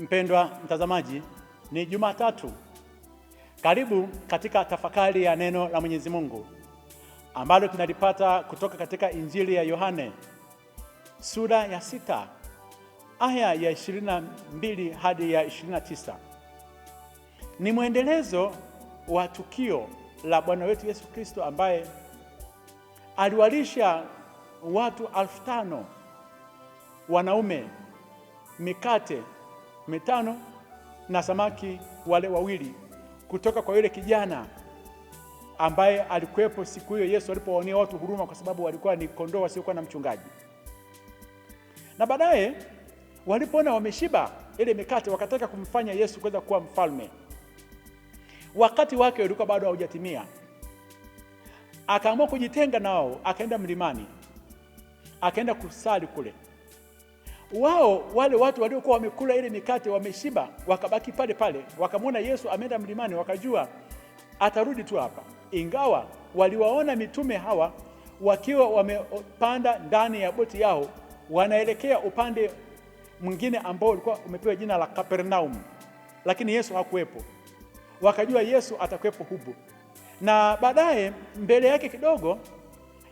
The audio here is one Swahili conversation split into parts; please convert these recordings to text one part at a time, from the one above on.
Mpendwa mtazamaji, ni Jumatatu. Karibu katika tafakari ya neno la Mwenyezi Mungu ambalo tunalipata kutoka katika Injili ya Yohane sura ya sita aya ya 22 hadi ya 29. Ni mwendelezo wa tukio la Bwana wetu Yesu Kristo ambaye aliwalisha watu elfu tano wanaume mikate mitano na samaki wale wawili kutoka kwa yule kijana ambaye alikuwepo siku hiyo Yesu alipowaonea watu huruma, kwa sababu walikuwa ni kondoo wasiokuwa na mchungaji. Na baadaye walipoona wameshiba ile mikate, wakataka kumfanya Yesu kuweza kuwa mfalme. Wakati wake ulikuwa bado haujatimia, akaamua kujitenga nao, akaenda mlimani, akaenda kusali kule wao wale watu waliokuwa wamekula ile mikate wameshiba, wakabaki pale pale, wakamwona Yesu ameenda mlimani, wakajua atarudi tu hapa, ingawa waliwaona mitume hawa wakiwa wamepanda ndani ya boti yao wanaelekea upande mwingine ambao ulikuwa umepewa jina la Kapernaum, lakini Yesu hakuwepo. Wakajua Yesu atakuwepo hubu, na baadaye mbele yake kidogo,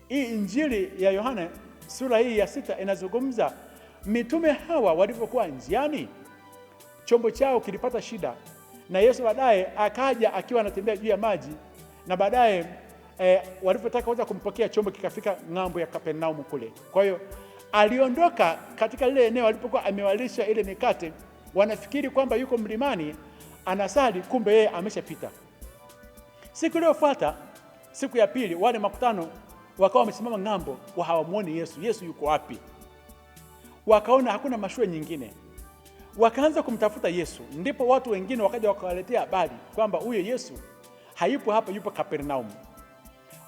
hii Injili ya Yohana sura hii ya sita inazungumza mitume hawa walivyokuwa njiani, chombo chao kilipata shida, na Yesu baadaye akaja akiwa anatembea juu ya maji, na baadaye eh, walivyotaka kuanza kumpokea chombo kikafika ng'ambo ya Kapernaumu kule. Kwa hiyo aliondoka katika lile eneo alipokuwa amewalisha ile mikate, wanafikiri kwamba yuko mlimani anasali, kumbe yeye ameshapita. Siku iliyofuata, siku ya pili, wale makutano wakawa wamesimama ng'ambo, hawamwoni Yesu. Yesu yuko wapi? wakaona hakuna mashua nyingine, wakaanza kumtafuta Yesu. Ndipo watu wengine wakaja wakawaletea habari kwamba huyo Yesu hayupo hapa, yupo Kapernaumu.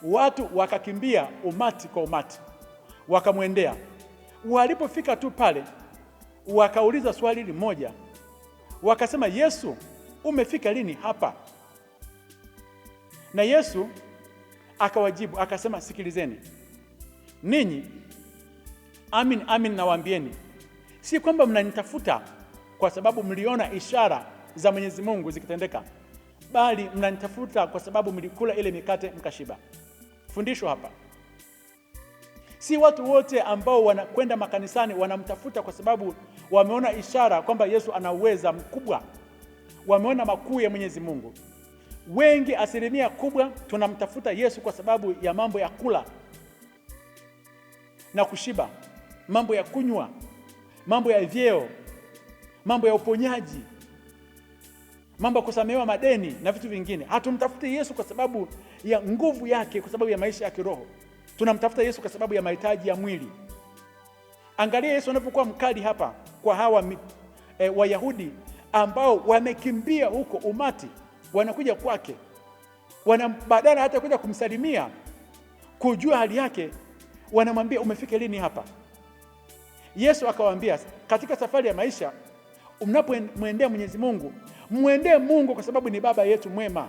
Watu wakakimbia umati kwa umati, wakamwendea. Walipofika tu pale, wakauliza swali hili moja, wakasema, Yesu, umefika lini hapa? Na Yesu akawajibu akasema, sikilizeni ninyi Amin, amin nawaambieni, si kwamba mnanitafuta kwa sababu mliona ishara za Mwenyezi Mungu zikitendeka, bali mnanitafuta kwa sababu mlikula ile mikate mkashiba. Fundisho hapa, si watu wote ambao wanakwenda makanisani wanamtafuta kwa sababu wameona ishara kwamba Yesu ana uweza mkubwa, wameona makuu ya Mwenyezi Mungu. Wengi, asilimia kubwa, tunamtafuta Yesu kwa sababu ya mambo ya kula na kushiba mambo ya kunywa, mambo ya vyeo, mambo ya uponyaji, mambo ya kusamehewa madeni na vitu vingine. Hatumtafuti Yesu kwa sababu ya nguvu yake, kwa sababu ya maisha ya kiroho. Tunamtafuta Yesu kwa sababu ya mahitaji ya mwili. Angalia Yesu anapokuwa mkali hapa kwa hawa e, Wayahudi ambao wamekimbia huko, umati wanakuja kwake, wana badala hata kuja kumsalimia, kujua hali yake, wanamwambia umefika lini hapa? Yesu akawaambia katika safari ya maisha, mnapomwendea Mwenyezi Mungu, mwendee Mungu kwa sababu ni baba yetu mwema.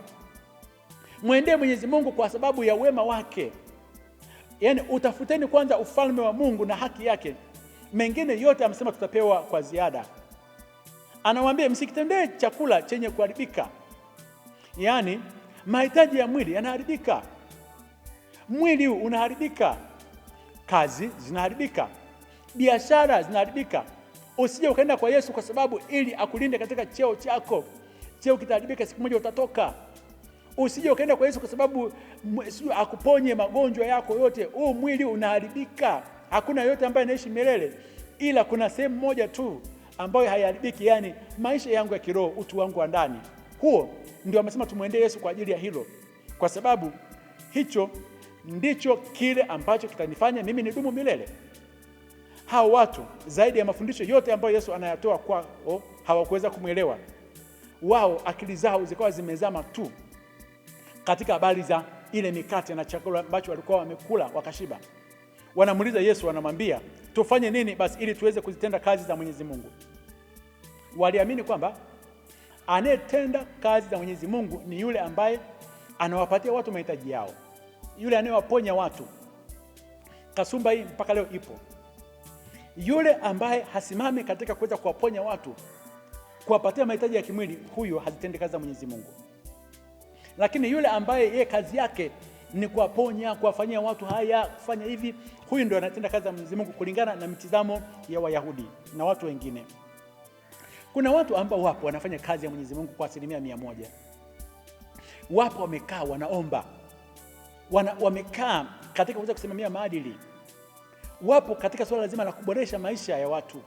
Mwendee Mwenyezi Mungu kwa sababu ya wema wake, yaani utafuteni kwanza ufalme wa Mungu na haki yake, mengine yote amesema tutapewa kwa ziada. Anawaambia msikitendee chakula chenye kuharibika, yaani mahitaji ya mwili yanaharibika, mwili unaharibika, kazi zinaharibika biashara zinaharibika. Usije ukaenda kwa Yesu kwa sababu ili akulinde katika cheo chako. Cheo kitaharibika, siku moja utatoka. Usije ukaenda kwa Yesu kwa sababu akuponye magonjwa yako yote. Huu mwili unaharibika, hakuna yote ambayo anaishi milele, ila kuna sehemu moja tu ambayo haiharibiki, yani maisha yangu ya kiroho, utu wangu wa ndani. Huo ndio amesema tumwendee Yesu kwa ajili ya hilo, kwa sababu hicho ndicho kile ambacho kitanifanya mimi nidumu milele hao watu zaidi ya mafundisho yote ambayo Yesu anayatoa kwao hawakuweza kumwelewa. Wao akili zao zikawa zimezama tu katika habari za ile mikate na chakula ambacho walikuwa wamekula wakashiba. Wanamuuliza Yesu, wanamwambia tufanye nini basi ili tuweze kuzitenda kazi za Mwenyezi Mungu? Waliamini kwamba anayetenda kazi za Mwenyezi Mungu ni yule ambaye anawapatia watu mahitaji yao, yule anayewaponya watu. Kasumba hii mpaka leo ipo. Yule ambaye hasimami katika kuweza kuwaponya watu, kuwapatia mahitaji ya kimwili, huyo hazitendi kazi za Mwenyezi Mungu. Lakini yule ambaye yeye kazi yake ni kuwaponya, kuwafanyia watu haya, kufanya hivi, huyu ndio anatenda kazi za Mwenyezi Mungu kulingana na mitizamo ya Wayahudi na watu wengine. Kuna watu ambao wapo wanafanya kazi ya Mwenyezi Mungu kwa asilimia mia moja. Wapo wamekaa wanaomba wana, wamekaa katika kuweza kusimamia maadili wapo katika suala zima la kuboresha maisha ya watu,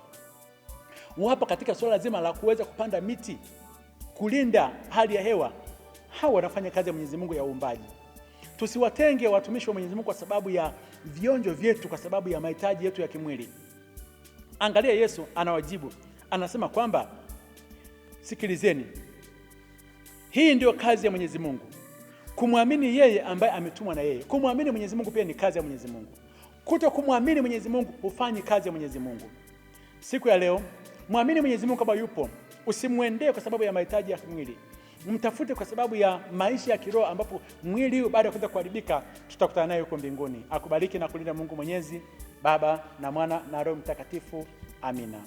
wapo katika swala zima la kuweza kupanda miti, kulinda hali ya hewa. Hawa wanafanya kazi ya Mwenyezi Mungu ya uumbaji. Tusiwatenge watumishi wa Mwenyezi Mungu kwa sababu ya vionjo vyetu, kwa sababu ya mahitaji yetu ya kimwili. Angalia Yesu anawajibu, anasema kwamba sikilizeni, hii ndiyo kazi ya Mwenyezi Mungu, kumwamini yeye ambaye ametumwa na yeye. Kumwamini Mwenyezi Mungu pia ni kazi ya Mwenyezi Mungu. Kuto kumwamini Mwenyezi Mungu hufanyi kazi ya Mwenyezi Mungu. Siku ya leo mwamini Mwenyezi Mungu kama yupo, usimwendee kwa sababu ya mahitaji ya kimwili, mtafute kwa sababu ya maisha ya kiroho, ambapo mwili huu baada ya kuweza kuharibika tutakutana naye huko mbinguni. Akubariki na kulinda Mungu Mwenyezi, Baba na Mwana na Roho Mtakatifu. Amina.